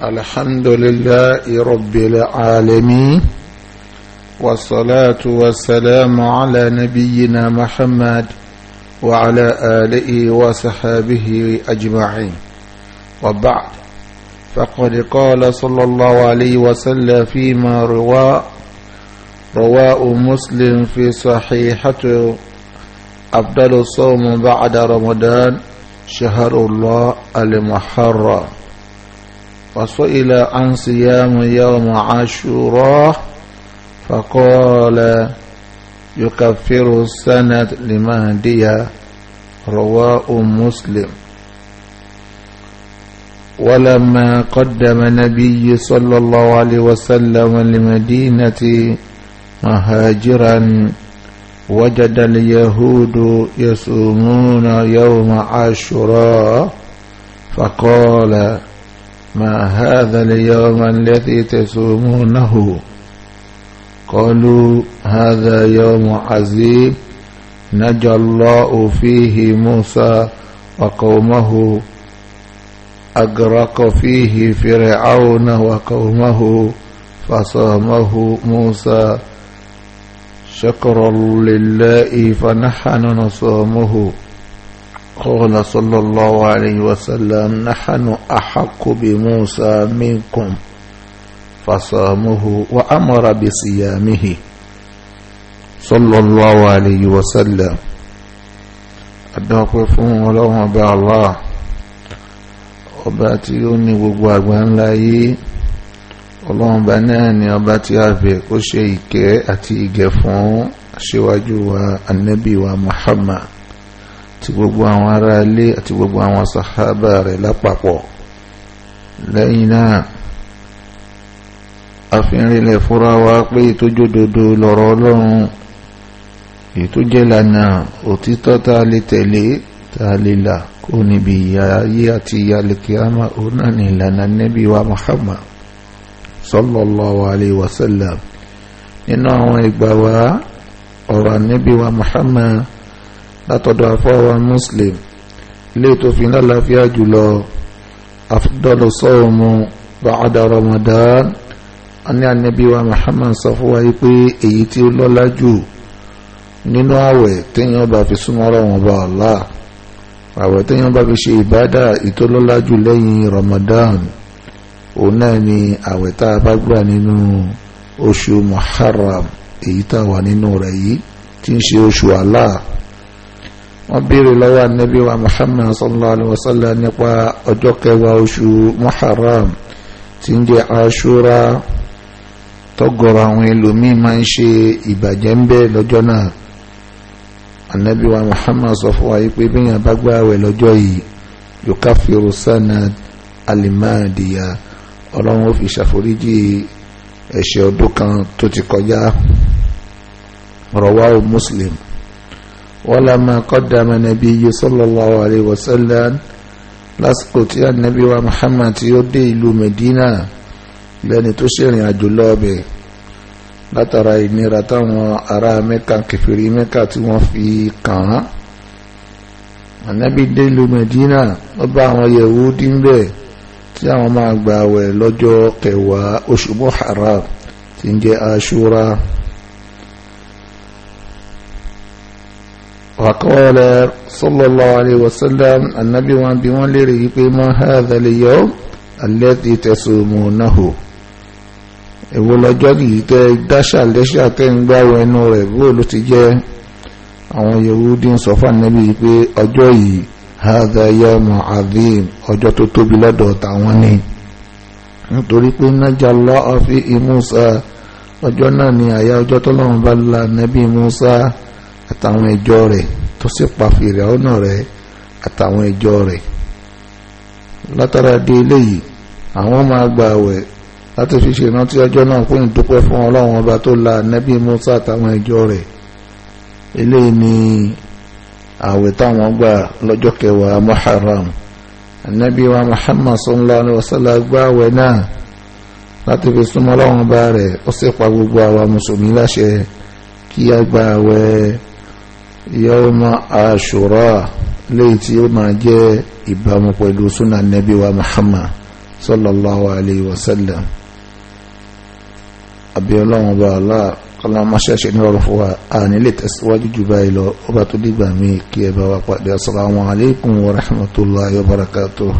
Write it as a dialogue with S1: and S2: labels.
S1: الحمد لله رب العالمين والصلاة والسلام على نبينا محمد وعلى آله وصحابه أجمعين وبعد فقد قال صلى الله عليه وسلم فيما رواه رواء مسلم في صحيحته أفضل الصوم بعد رمضان شهر الله المحرم وسئل عن صيام يوم عاشوراء فقال يكفر السنة لمهدية رواه مسلم ولما قدم النبي صلى الله عليه وسلم لمدينة مهاجرا وجد اليهود يصومون يوم عاشوراء فقال ما هذا اليوم الذي تصومونه قالوا هذا يوم عزيب نجى الله فيه موسى وقومه أغرق فيه فرعون وقومه فصامه موسى شكرا لله فنحن نصامه قال صلى الله عليه وسلم نحن أحق بموسى منكم فصامه وأمر بصيامه صلى الله عليه وسلم adáwọ̀pẹ́ fún ọlọ́run ọba Allah ọba tí ó ní gbogbo àgbáńlá yìí ọlọ́run ọba náà ni ọba tí kó ṣe ìkẹ́ àti ìgẹ̀ fún wa annabi wa Muhammad àti gbogbo àwọn ará ilé àti gbogbo àwọn sàhábà rẹ̀ lápapọ̀ lẹ́yìn náà àfihànilẹ̀ fúnra wa pé ìtójó dodo lọ́rọ̀ ọlọ́run ìtójẹ́lànà òtítọ́ tá a lè tẹ̀lé tá a lè là kó níbi ìyà ayé àti ìyà lèkìámà òun náà ní ìlànà Nábì wa Muhammad sallallahu alayhi wa sallam nínú àwọn ìgbà wa ọ̀rọ̀ Nábì wa Muhammad látọ̀dọ̀ àfọwà muslim ilé tó fi lálàáfíà jùlọ afdalu sọ́ọ̀mù bàádà ramadan a ní ànábì wa muhammad sọ fún wa yí pé èyí tí ó lọ́lá jù nínú àwẹ̀ téèyàn bá fi súnmọ́ ọlọ́run ọba Allah àwẹ̀ téèyàn bá fi ṣe ìbádà ìtọ́lọ́lá jù lẹ́yìn ramadan òun náà ni àwẹ̀ tá a bá gbà nínú oṣù muharram èyí tá a wà nínú rẹ̀ yìí tí ń ṣe oṣù Allah wọ́n béèrè lọ́wọ́ anabi wa muhammad sallallahu alayhi wa sallam nípa ọjọ́ kẹwàá oṣù muharram tí ń jẹ́ ashura tọ́gọ̀rọ̀ àwọn ẹlòmíín máa ń ṣe ìbàjẹ́ ń bẹ́ẹ̀ lọ́jọ́ náà anabi wa muhammad sọ fún wa yìí pé bíyàn bá gbá àwẹ̀ lọ́jọ́ yìí yukafiru sana alimadiya ọlọ́run ó fi ṣàforíjì ẹ̀ṣẹ̀ ọdún kan tó ti kọjá rawahu muslim. ولما قدم النبي صلى الله عليه وسلم lásìkò tí ànábì wa Muhammad tí ó dé ìlú Medina lẹ́ni tó ṣèrìn àjò lọ́ọ̀bẹ̀ látara ìnira táwọn ará Mẹ́kà kẹfìrí Mẹ́kà tí wọ́n fi kàn án ànábì dé ìlú Medina ó bá àwọn Yẹhudi ń tí àwọn máa gbààwẹ̀ lọ́jọ́ kẹwàá oṣù Muharram tí ń jẹ́ Ashura. وقال صلى الله عليه وسلم النبي وان بيوان ليري ما هذا اليوم الذي تصومونه èwo lọ́jọ́ yìí tẹ́ dáṣà lẹ́ṣà tẹ́ ń gbáwọ ẹnu rẹ̀ bó ló ti jẹ́ àwọn Yahudi ń sọ fún Ànábì pé ọjọ́ yìí hadha yawmu azim ọjọ́ tó tóbi lọ́dọ̀ tàwọn ni nítorí pé najallahu fi Musa ọjọ́ náà ni àyà ọjọ́ tọ́lọ́run bá la Ànábì Musa àtàwọn ìjọ rẹ̀ tó sì pa fèrè ọ̀nà rẹ̀ àtàwọn ìjọ rẹ̀ látara dé eléyìí àwọn máa gba àwẹ̀ láti fi ṣe ìrántí ọjọ́ náà fún ìdúpẹ́ fún ọlọ́run ọba tó la nẹ́bí Musa àtàwọn ìjọ rẹ̀ eléyìí ni àwẹ̀ táwọn gbà lọ́jọ́ kẹwàá Muharram anabi wa Muhammad sallallahu alaihi wasallam gba àwẹ̀ náà láti fi súnmọ́ ọlọ́run ọba rẹ̀ ó sì pa gbogbo àwa mùsùlùmí láṣẹ kí a gba àwẹ̀ yawma àṣùrà léyìí tí ó máa jẹ́ ìbámu pẹ̀lú súnà nẹ́bí wa Muhammad sallallahu alayhi wa sallam àbí ọlọ́run bá ọlá kọlọmọṣẹ́ṣẹ́ ní ọrọ̀ fún wa a nílé tẹ̀síwájú jù báyìí lọ ó bá tó dìgbà míì kí ẹ bá wa pàdé assalamu alaykum wa rahmatullahi wa barakatuh